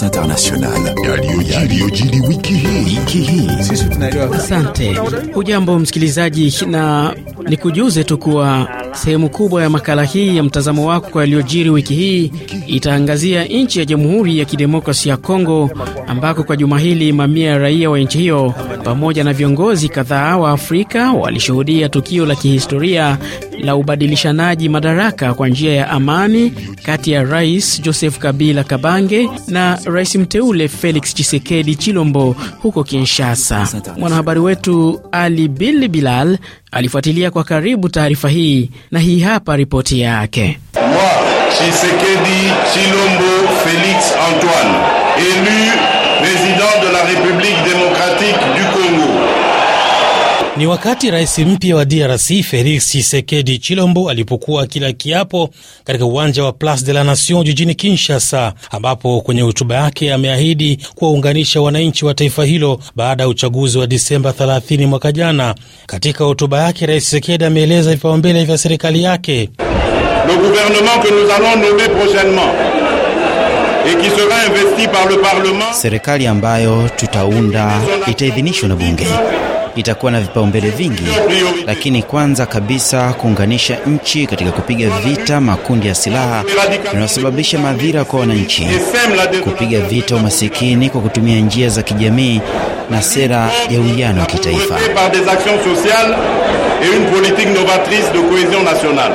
Business International Asante. Hujambo msikilizaji, na nikujuze tu kuwa sehemu kubwa ya makala hii ya mtazamo wako kwa yaliyojiri wiki hii itaangazia nchi ya Jamhuri ya Kidemokrasi ya Kongo ambako kwa juma hili mamia ya raia wa nchi hiyo pamoja na viongozi kadhaa wa Afrika walishuhudia tukio la kihistoria la ubadilishanaji madaraka kwa njia ya amani kati ya Rais Joseph Kabila Kabange na rais mteule Felix Chisekedi Chilombo huko Kinshasa. Mwanahabari wetu Ali Bili Bilal alifuatilia kwa karibu taarifa hii na hii hapa ripoti yake. Mwa Chisekedi Chilombo Felix Antoine élu président de la République démocratique du Congo. Ni wakati rais mpya wa DRC Felix Tshisekedi Chilombo alipokuwa kila kiapo katika uwanja wa Place de la Nation jijini Kinshasa, ambapo kwenye hotuba yake ameahidi kuwaunganisha wananchi wa taifa hilo baada ya uchaguzi wa Disemba 30 mwaka jana. Katika hotuba yake, rais Tshisekedi ameeleza vipaumbele vya serikali yake. Le gouvernement que nous allons nommer prochainement Serikali ambayo tutaunda itaidhinishwa na bunge, itakuwa na vipaumbele vingi, lakini kwanza kabisa kuunganisha nchi katika kupiga vita makundi ya silaha yanayosababisha madhira kwa wananchi, kupiga vita umasikini kwa kutumia njia za kijamii na sera ya uwiano wa kitaifa et une politique novatrice de cohésion nationale.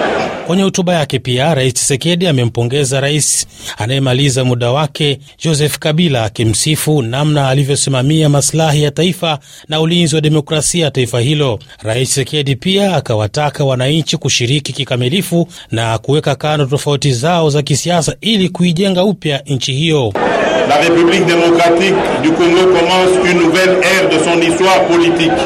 Kwenye hotuba yake pia Rais chisekedi amempongeza rais anayemaliza muda wake Joseph Kabila, akimsifu namna alivyosimamia masilahi ya taifa na ulinzi wa demokrasia ya taifa hilo. Rais chisekedi pia akawataka wananchi kushiriki kikamilifu na kuweka kando tofauti zao za kisiasa ili kuijenga upya nchi hiyo. La République démocratique du Congo commence une nouvelle ère de son histoire politique.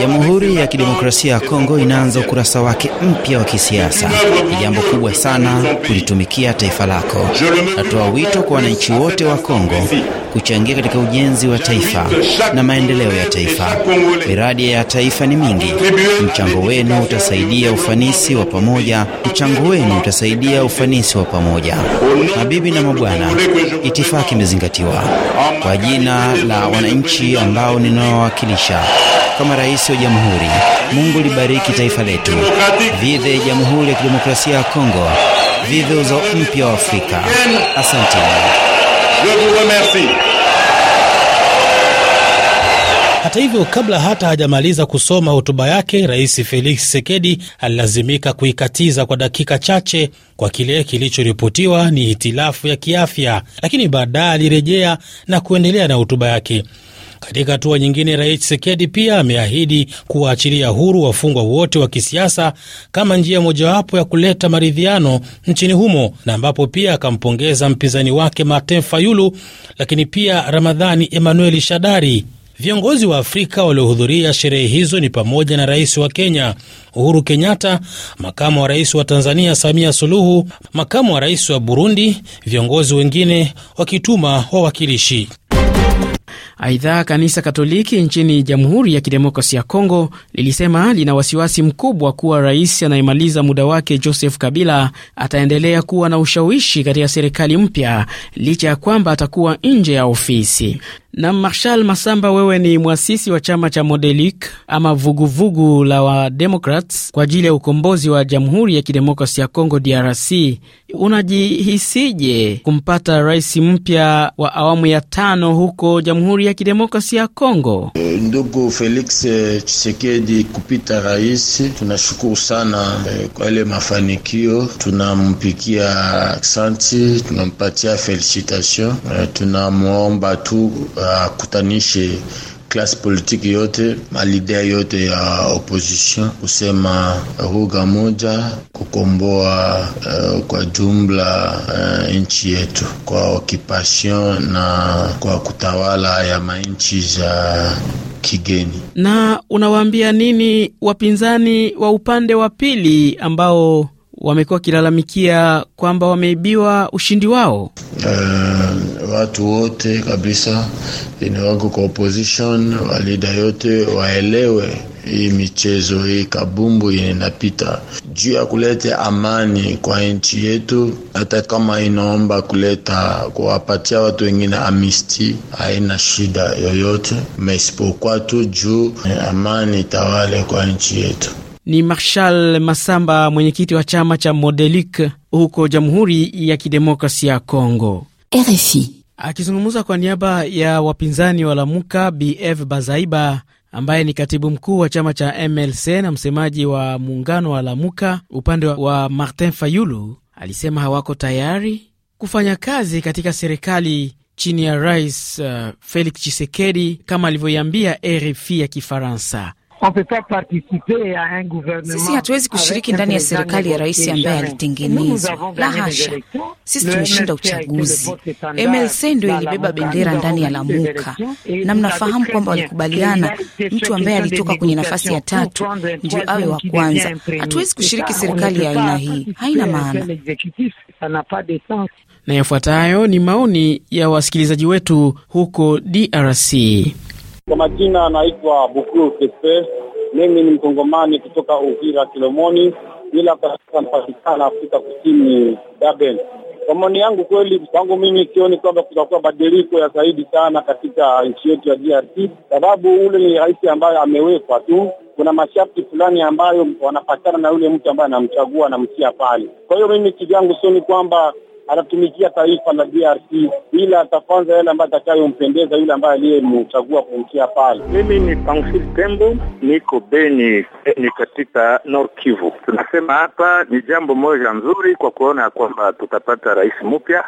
Jamhuri ya Kidemokrasia ya Kongo inaanza ukurasa wake mpya wa kisiasa. Ni jambo kubwa sana kulitumikia taifa lako. Natoa wito kwa wananchi wote wa Kongo kuchangia katika ujenzi wa taifa na maendeleo ya taifa. Miradi ya taifa ni mingi. Mchango wenu utasaidia ufanisi wa pamoja, mchango wenu utasaidia ufanisi wa pamoja. Mabibi na mabwana, itifaki imezingatiwa. Kwa jina la wananchi ambao ninaowakilisha kama rais wa jamhuri, Mungu libariki taifa letu, vive Jamhuri ya Kidemokrasia ya Kongo, vive uzao mpya wa Afrika. Asante. Hata hivyo, kabla hata hajamaliza kusoma hotuba yake, Rais Felix Tshisekedi alilazimika kuikatiza kwa dakika chache kwa kile kilichoripotiwa ni hitilafu ya kiafya, lakini baadaye alirejea na kuendelea na hotuba yake. Katika hatua nyingine, Rais chisekedi pia ameahidi kuwaachilia huru wafungwa wote wa kisiasa kama njia mojawapo ya kuleta maridhiano nchini humo, na ambapo pia akampongeza mpinzani wake Martin Fayulu, lakini pia Ramadhani Emmanuel Shadari. Viongozi wa Afrika waliohudhuria sherehe hizo ni pamoja na rais wa Kenya Uhuru Kenyatta, makamu wa rais wa Tanzania Samia Suluhu, makamu wa rais wa Burundi, viongozi wengine wakituma wawakilishi. Aidha, kanisa Katoliki nchini Jamhuri ya kidemokrasi ya Kongo lilisema lina wasiwasi mkubwa kuwa rais anayemaliza muda wake Joseph Kabila ataendelea kuwa na ushawishi katika serikali mpya licha ya kwamba atakuwa nje ya ofisi. Na Marshal Masamba, wewe ni mwasisi wa chama cha Modelik ama vuguvugu vugu la Wademokrats kwa ajili ya ukombozi wa Jamhuri ya kidemokrasi ya Kongo, DRC. Unajihisije kumpata rais mpya wa awamu ya tano huko Jamhuri ya Kidemokrasia ya Kongo? Eh, ndugu Felix chisekedi eh, kupita rais, tunashukuru sana e, kwa ile mafanikio. Tunampikia aksanti, tunampatia felicitation tunamwomba tu akutanishe uh, klasi politiki yote, malidea yote ya opposition kusema ruga moja, kukomboa uh, kwa jumla uh, nchi yetu kwa occupation na kwa kutawala ya manchi za kigeni. Na unawaambia nini wapinzani wa upande wa pili ambao wamekuwa wakilalamikia kwamba wameibiwa ushindi wao. Uh, watu wote kabisa ine wako kwa opposition, walida yote waelewe hii michezo hii kabumbu inapita juu ya kuleta amani kwa nchi yetu, hata kama inaomba kuleta kuwapatia watu wengine amnisti, haina shida yoyote, isipokuwa tu juu amani tawale kwa nchi yetu. Ni Marshal Masamba, mwenyekiti wa chama cha Modelik huko Jamhuri ya Kidemokrasia ya Kongo, RFI, akizungumza kwa niaba ya wapinzani wa Lamuka. BF Bazaiba ambaye ni katibu mkuu wa chama cha MLC na msemaji wa muungano wa Lamuka upande wa Martin Fayulu alisema hawako tayari kufanya kazi katika serikali chini ya Rais uh, Felix Chisekedi kama alivyoiambia RFI ya Kifaransa. Sisi hatuwezi kushiriki ndani ya serikali ya rais ambaye alitengenezwa. La hasha, sisi tumeshinda uchaguzi. MLC ndio ilibeba bendera ndani ya Lamuka, na mnafahamu kwamba walikubaliana mtu ambaye alitoka kwenye nafasi ya tatu ndio awe wa kwanza. Hatuwezi kushiriki serikali ya aina hii, haina maana. Na yafuatayo ni maoni ya wasikilizaji wetu huko DRC. Kwa majina anaitwa Bukuru Kepe, mimi ni mkongomani kutoka Uvira Kilomoni, ila kwa sasa napatikana Afrika Kusini, Durban. Kwa maoni yangu kweli, kwangu mimi sioni kwamba kutakuwa badiliko ya zaidi sana katika nchi yetu ya DRC, sababu ule ni rais ambaye amewekwa tu kuna masharti fulani ambayo wanapatana na yule mtu ambaye anamchagua anamtia pale. Kwa hiyo mimi kivyangu sioni kwamba anatumikia taifa la DRC, ila atafanza yale ambayo atakayompendeza yule ambaye aliyemchagua kumtia pale. Mimi ni Pamphile Tembo, niko Beni, ni katika North Kivu. Tunasema hapa ni jambo moja nzuri kwa kuona kwamba tutapata rais mpya,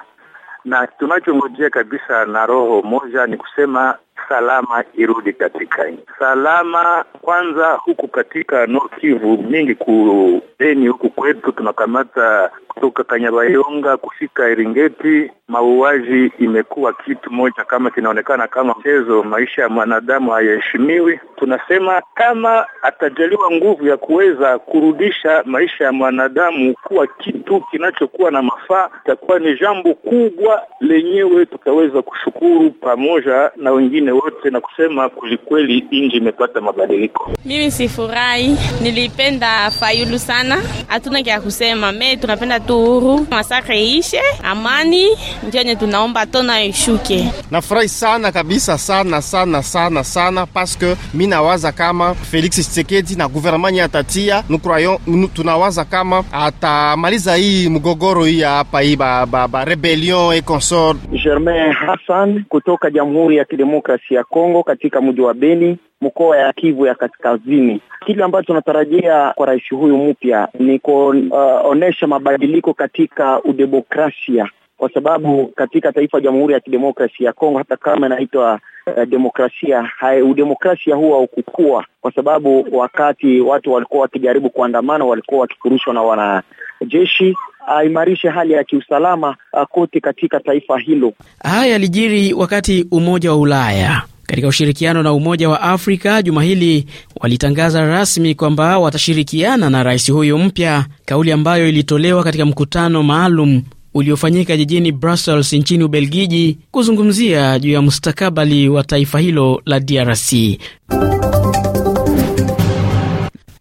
na tunachongojea kabisa na roho moja ni kusema salama irudi katika nchi salama kwanza huku katika North Kivu mingi kudeni huku kwetu tunakamata kutoka Kanyabayonga kufika Eringeti, mauaji imekuwa kitu moja kama kinaonekana kama mchezo. Maisha ya mwanadamu hayaheshimiwi. Tunasema kama atajaliwa nguvu ya kuweza kurudisha maisha ya mwanadamu kuwa kitu kinachokuwa na mafaa, itakuwa ni jambo kubwa lenyewe tutaweza kushukuru pamoja na wengine wote na kusema kwelikweli nchi imepata mabadiliko. Mimi sifurahi, nilipenda Fayulu sana. Hatuna kya kusema me, tunapenda tu uhuru, masakre ishe, amani njenye tunaomba tona ishuke. Nafurahi sana kabisa sana sana sana sana, paske mi nawaza kama Felix Tshisekedi na guvernema atatia nukurayo, tunawaza kama atamaliza hii mgogoro hii hapa hii ba, ba, ba rebellion et consort. Germain Hassan kutoka Jamhuri ya Kidemokrasia ya Kongo katika mji wa Beni mkoa ya Kivu ya Kaskazini. Kile ambacho tunatarajia kwa rais huyu mpya ni kuonyesha uh, mabadiliko katika udemokrasia kwa sababu katika taifa Jamhuri ya Kidemokrasia ya Kongo, hata kama inaitwa uh, demokrasia hai, udemokrasia huwa haukukua, kwa sababu wakati watu walikuwa wakijaribu kuandamana walikuwa wakifurushwa na wanajeshi. Aimarishe hali ya kiusalama uh, kote katika taifa hilo. Haya yalijiri wakati Umoja wa Ulaya katika ushirikiano na Umoja wa Afrika juma hili walitangaza rasmi kwamba watashirikiana na rais huyo mpya, kauli ambayo ilitolewa katika mkutano maalum uliofanyika jijini Brussels nchini Ubelgiji kuzungumzia juu ya mustakabali wa taifa hilo la DRC.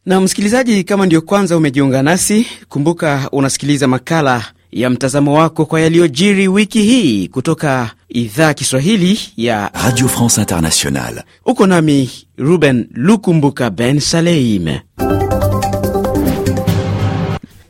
Na msikilizaji, kama ndiyo kwanza umejiunga nasi, kumbuka unasikiliza makala ya mtazamo wako kwa yaliyojiri wiki hii kutoka idhaa Kiswahili ya Radio France Internationale. Uko nami Ruben Lukumbuka Ben Saleim.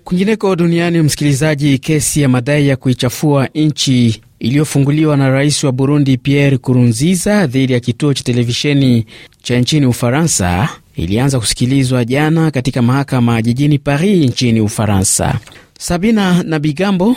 Kwingineko duniani, msikilizaji, kesi ya madai ya kuichafua nchi iliyofunguliwa na rais wa Burundi Pierre Kurunziza dhidi ya kituo cha televisheni cha nchini Ufaransa ilianza kusikilizwa jana katika mahakama jijini Paris nchini Ufaransa. Sabina na Bigambo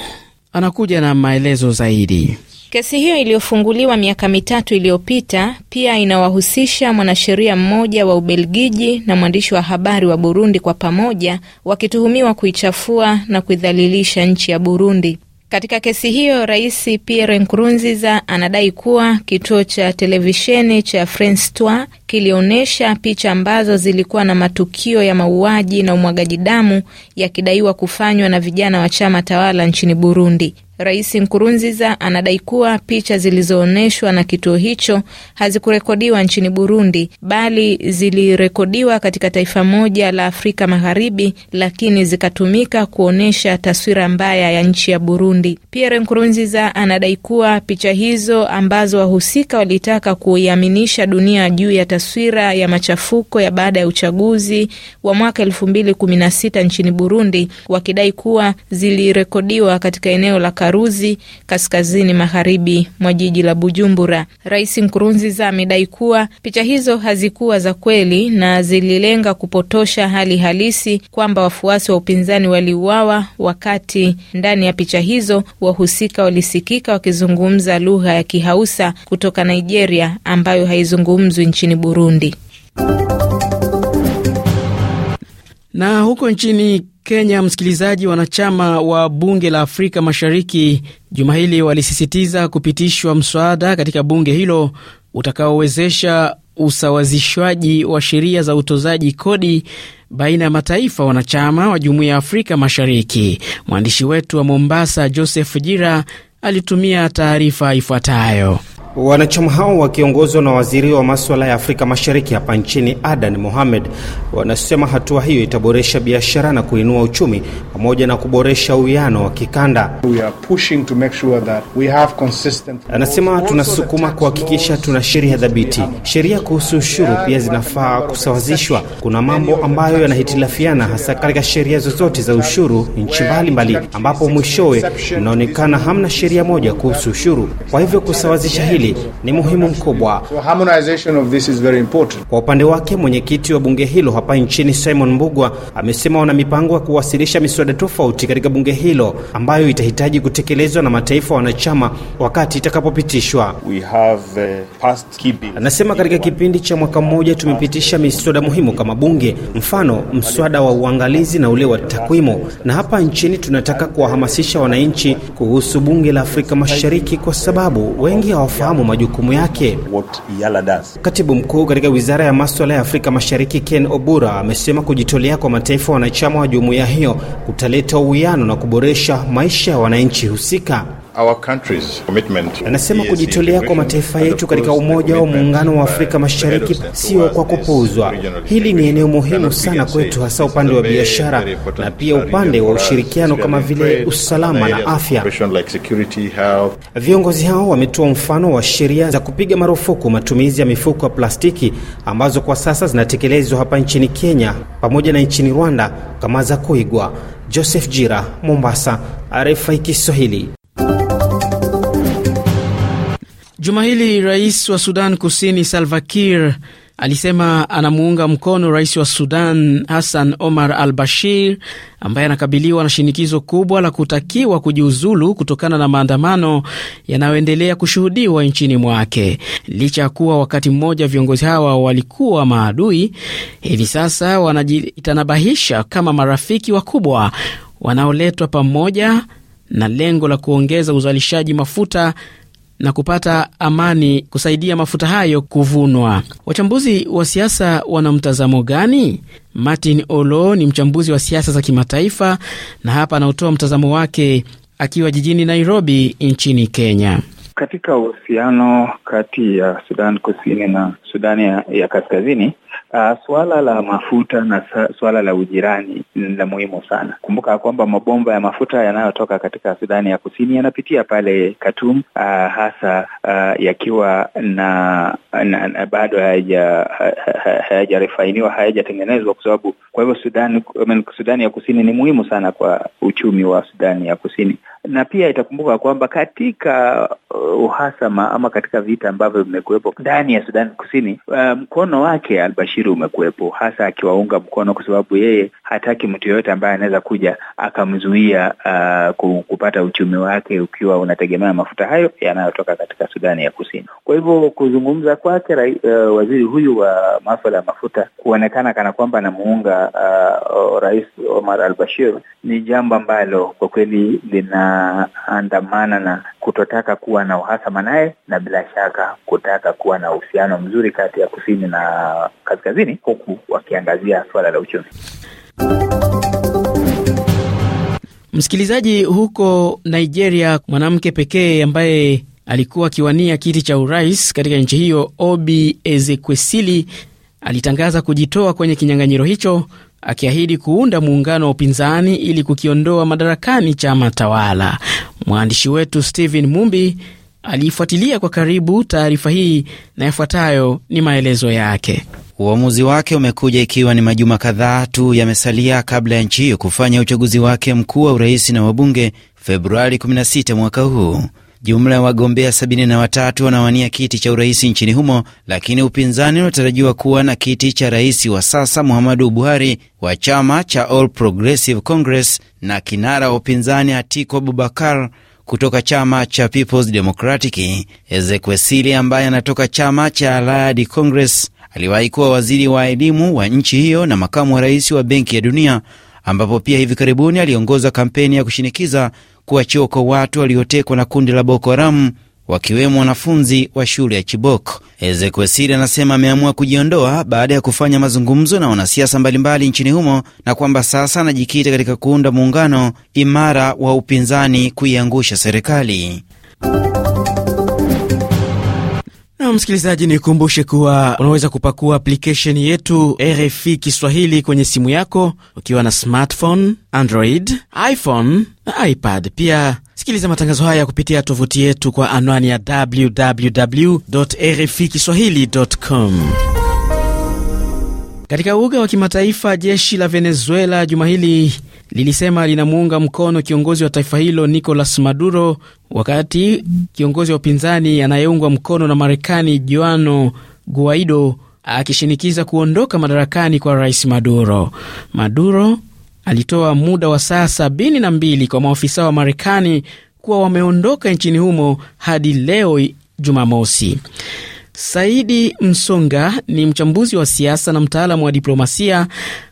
anakuja na maelezo zaidi. Kesi hiyo iliyofunguliwa miaka mitatu iliyopita pia inawahusisha mwanasheria mmoja wa Ubelgiji na mwandishi wa habari wa Burundi, kwa pamoja wakituhumiwa kuichafua na kuidhalilisha nchi ya Burundi. Katika kesi hiyo, Rais Pierre Nkurunziza anadai kuwa kituo cha televisheni cha France kilionyesha picha ambazo zilikuwa na matukio ya mauaji na umwagaji damu yakidaiwa kufanywa na vijana wa chama tawala nchini Burundi. Rais Nkurunziza anadai kuwa picha zilizoonyeshwa na kituo hicho hazikurekodiwa nchini Burundi bali zilirekodiwa katika taifa moja la Afrika Magharibi, lakini zikatumika kuonyesha taswira mbaya ya nchi ya Burundi. Pierre Nkurunziza anadai kuwa picha hizo ambazo wahusika walitaka kuiaminisha dunia juu ya taswira ya machafuko ya baada ya uchaguzi wa mwaka elfu mbili kumi na sita nchini Burundi, wakidai kuwa zilirekodiwa katika eneo la Karuzi, kaskazini magharibi mwa jiji la Bujumbura. Rais Nkurunziza amedai kuwa picha hizo hazikuwa za kweli na zililenga kupotosha hali halisi kwamba wafuasi wa upinzani waliuawa, wakati ndani ya picha hizo wahusika walisikika wakizungumza lugha ya Kihausa kutoka Nigeria ambayo haizungumzwi nchini Burundi. Burundi. Na huko nchini Kenya, msikilizaji, wanachama wa bunge la Afrika Mashariki juma hili walisisitiza kupitishwa mswada katika bunge hilo utakaowezesha usawazishwaji wa sheria za utozaji kodi baina ya mataifa wanachama wa jumuiya ya Afrika Mashariki. Mwandishi wetu wa Mombasa, Joseph Jira, alitumia taarifa ifuatayo. Wanachama hao wakiongozwa na waziri wa maswala ya Afrika Mashariki hapa nchini Adan Mohamed wanasema hatua hiyo itaboresha biashara na kuinua uchumi pamoja na kuboresha uwiano wa kikanda. Anasema tunasukuma kuhakikisha tuna sheria dhabiti. Sheria kuhusu ushuru pia zinafaa kusawazishwa. Kuna mambo ambayo yanahitilafiana, hasa katika sheria zozote za ushuru nchi mbalimbali, ambapo mwishowe mnaonekana hamna sheria moja kuhusu ushuru. Kwa hivyo kusawazisha hili hili ni muhimu mkubwa. Kwa upande wake, mwenyekiti wa bunge hilo hapa nchini Simon Mbugwa amesema wana mipango ya kuwasilisha miswada tofauti katika bunge hilo ambayo itahitaji kutekelezwa na mataifa wanachama wakati itakapopitishwa. Uh, Anasema katika kipindi cha mwaka mmoja tumepitisha miswada muhimu kama bunge, mfano mswada wa uangalizi na ule wa takwimu, na hapa nchini tunataka kuwahamasisha wananchi kuhusu bunge la Afrika Mashariki kwa sababu wengi hawafahamu kufahamu majukumu yake. What Yala does. Katibu mkuu katika wizara ya maswala ya Afrika Mashariki Ken Obura amesema kujitolea kwa mataifa wanachama wa jumuiya hiyo kutaleta uwiano na kuboresha maisha ya wananchi husika. Anasema kujitolea kwa mataifa yetu katika Umoja wa Muungano wa uh, Afrika Mashariki sio kwa kupuuzwa. Hili ni eneo muhimu sana kwetu, hasa upande wa biashara na pia upande wa ushirikiano kama vile usalama na afya. Viongozi hao wametoa mfano wa sheria za kupiga marufuku matumizi ya mifuko ya plastiki ambazo kwa sasa zinatekelezwa hapa nchini Kenya pamoja na nchini Rwanda kama za kuigwa. Joseph Jira, Mombasa, RFI Kiswahili. Juma hili rais wa Sudan Kusini Salva Kiir alisema anamuunga mkono rais wa Sudan Hassan Omar al Bashir ambaye anakabiliwa na shinikizo kubwa la kutakiwa kujiuzulu kutokana na maandamano yanayoendelea kushuhudiwa nchini mwake. Licha ya kuwa wakati mmoja viongozi hawa walikuwa maadui, hivi sasa wanajitanabahisha kama marafiki wakubwa wanaoletwa pamoja na lengo la kuongeza uzalishaji mafuta na kupata amani kusaidia mafuta hayo kuvunwa. Wachambuzi wa siasa wana mtazamo gani? Martin Olo ni mchambuzi wa siasa za kimataifa na hapa anautoa mtazamo wake akiwa jijini Nairobi nchini Kenya. Katika uhusiano kati ya Sudan Kusini na Sudani ya, ya Kaskazini Uh, swala la mafuta na swala la ujirani ni la muhimu sana. Kumbuka kwamba mabomba ya mafuta yanayotoka katika Sudani ya Kusini yanapitia pale Khartoum, uh, hasa uh, yakiwa na, na, na bado hayajarefainiwa ha, ha, hayajatengenezwa kwa sababu, kwa hivyo Sudani, Sudani ya Kusini ni muhimu sana kwa uchumi wa Sudani ya Kusini, na pia itakumbuka kwamba katika uh, uhasama ama katika vita ambavyo vimekuwepo ndani ya Sudani Kusini, uh, mkono wake al ubashiri umekuwepo, hasa akiwaunga mkono, kwa sababu yeye hataki mtu yoyote ambaye anaweza kuja akamzuia uh, kupata uchumi wake ukiwa unategemea mafuta hayo yanayotoka katika Sudani ya Kusini. Kwa hivyo kuzungumza kwake uh, waziri huyu wa maswala ya mafuta kuonekana kana kwamba anamuunga uh, Rais Omar al-Bashir ni jambo ambalo kwa kweli linaandamana na kutotaka kuwa na uhasama naye na bila shaka kutaka kuwa na uhusiano mzuri kati ya kusini na kaskazini, huku wakiangazia suala la uchumi. Msikilizaji, huko Nigeria, mwanamke pekee ambaye alikuwa akiwania kiti cha urais katika nchi hiyo, Obi Ezekwesili, alitangaza kujitoa kwenye kinyang'anyiro hicho akiahidi kuunda muungano wa upinzani ili kukiondoa madarakani chama tawala. Mwandishi wetu Stephen Mumbi aliifuatilia kwa karibu taarifa hii na yafuatayo ni maelezo yake. Uamuzi wake umekuja ikiwa ni majuma kadhaa tu yamesalia kabla ya nchi hiyo kufanya uchaguzi wake mkuu wa urais na wabunge Februari 16 mwaka huu. Jumla ya wagombea 73 wanawania kiti cha urais nchini humo, lakini upinzani unatarajiwa kuwa na kiti cha rais wa sasa Muhammadu Buhari wa chama cha All Progressive Congress na kinara wa upinzani Atiku Abubakar kutoka chama cha Peoples Democratic. Ezekwesili ambaye anatoka chama cha Allied Congress aliwahi kuwa waziri wa elimu wa nchi hiyo na makamu wa rais wa Benki ya Dunia, ambapo pia hivi karibuni aliongoza kampeni ya kushinikiza kuwachiwa kwa watu waliotekwa na kundi la Boko Haram wakiwemo wanafunzi wa shule ya Chibok. Ezekwesili anasema ameamua kujiondoa baada ya kufanya mazungumzo na wanasiasa mbalimbali nchini humo na kwamba sasa anajikita katika kuunda muungano imara wa upinzani kuiangusha serikali. Na msikilizaji, nikumbushe kuwa unaweza kupakua aplikesheni yetu RFI Kiswahili kwenye simu yako ukiwa na smartphone, Android, iPhone na iPad. Pia sikiliza matangazo haya kupitia tovuti yetu kwa anwani ya www RFI kiswahilicom. Katika uga wa kimataifa, jeshi la Venezuela juma hili lilisema linamuunga mkono kiongozi wa taifa hilo Nicolas Maduro, wakati kiongozi wa upinzani anayeungwa mkono na Marekani Juano Guaido akishinikiza kuondoka madarakani kwa rais Maduro. Maduro alitoa muda wa saa sabini na mbili kwa maafisa wa Marekani kuwa wameondoka nchini humo hadi leo Jumamosi. Saidi Msonga ni mchambuzi wa siasa na mtaalamu wa diplomasia.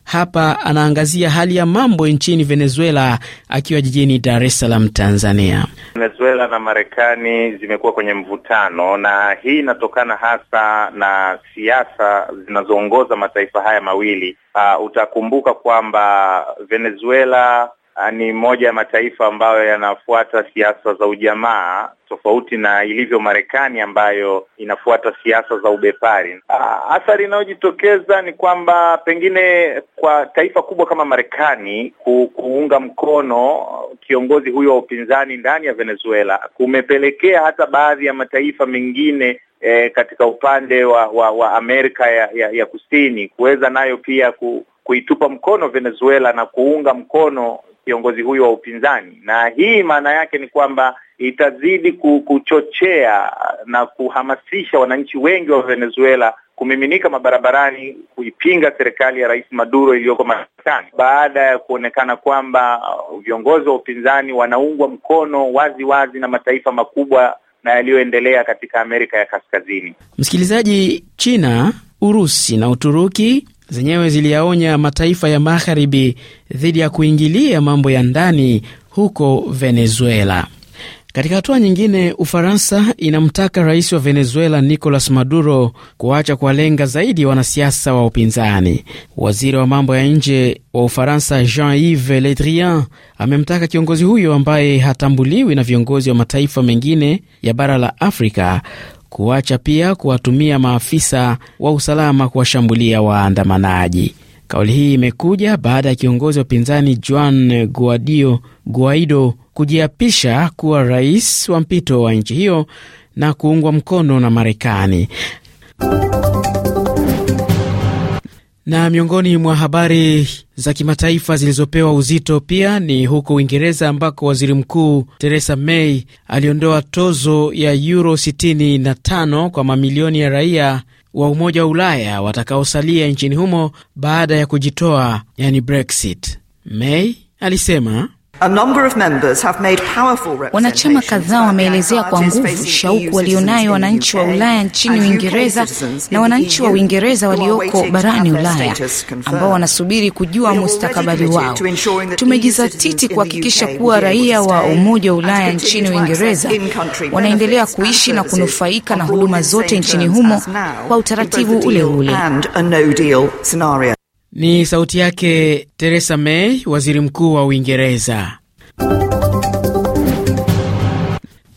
Hapa anaangazia hali ya mambo nchini Venezuela akiwa jijini Dar es Salaam, Tanzania. Venezuela na Marekani zimekuwa kwenye mvutano, na hii inatokana hasa na siasa zinazoongoza mataifa haya mawili. Uh, utakumbuka kwamba Venezuela Ah, ni moja ya mataifa ambayo yanafuata siasa za ujamaa tofauti na ilivyo Marekani ambayo inafuata siasa za ubepari. Ah, athari inayojitokeza ni kwamba pengine kwa taifa kubwa kama Marekani ku, kuunga mkono kiongozi huyo wa upinzani ndani ya Venezuela kumepelekea hata baadhi ya mataifa mengine e, katika upande wa, wa, wa Amerika ya, ya, ya Kusini kuweza nayo pia ku, kuitupa mkono Venezuela na kuunga mkono kiongozi huyu wa upinzani, na hii maana yake ni kwamba itazidi kuchochea na kuhamasisha wananchi wengi wa Venezuela kumiminika mabarabarani kuipinga serikali ya Rais Maduro iliyoko madarakani baada ya kuonekana kwamba uh, viongozi wa upinzani wanaungwa mkono wazi wazi na mataifa makubwa na yaliyoendelea katika Amerika ya Kaskazini. Msikilizaji, China, Urusi na Uturuki zenyewe ziliyaonya mataifa ya magharibi dhidi ya kuingilia mambo ya ndani huko Venezuela. Katika hatua nyingine, Ufaransa inamtaka rais wa Venezuela Nicolas Maduro kuacha kuwalenga zaidi wanasiasa wa upinzani. Waziri wa mambo ya nje wa Ufaransa Jean-Yves Le Drian amemtaka kiongozi huyo ambaye hatambuliwi na viongozi wa mataifa mengine ya bara la Afrika kuacha pia kuwatumia maafisa wa usalama kuwashambulia waandamanaji. Kauli hii imekuja baada ya kiongozi wa upinzani Juan Guaido, Guaido kujiapisha kuwa rais wa mpito wa nchi hiyo na kuungwa mkono na Marekani. Na miongoni mwa habari za kimataifa zilizopewa uzito pia ni huko Uingereza ambako waziri mkuu Theresa May aliondoa tozo ya yuro 65 kwa mamilioni ya raia wa Umoja wa Ulaya watakaosalia nchini humo baada ya kujitoa, yani Brexit. May alisema Wanachama kadhaa wameelezea kwa nguvu shauku walionayo wananchi wa Ulaya nchini Uingereza na wananchi wa e Uingereza walioko barani Ulaya ambao wanasubiri kujua mustakabali wao. E Tumejizatiti kuhakikisha kuwa raia wa Umoja wa Ulaya nchini Uingereza wanaendelea kuishi na kunufaika na huduma zote nchini humo kwa utaratibu ule ule. Ni sauti yake Theresa May, waziri mkuu wa Uingereza.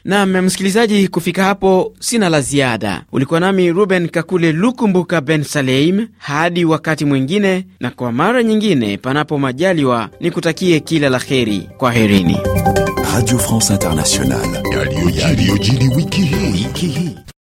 Nam msikilizaji, kufika hapo sina la ziada. Ulikuwa nami Ruben Kakule Lukumbuka Ben Saleim, hadi wakati mwingine, na kwa mara nyingine, panapo majaliwa, ni kutakie kila la heri. Kwa herini. Radio France Internationale, yaliyojiri wiki hii.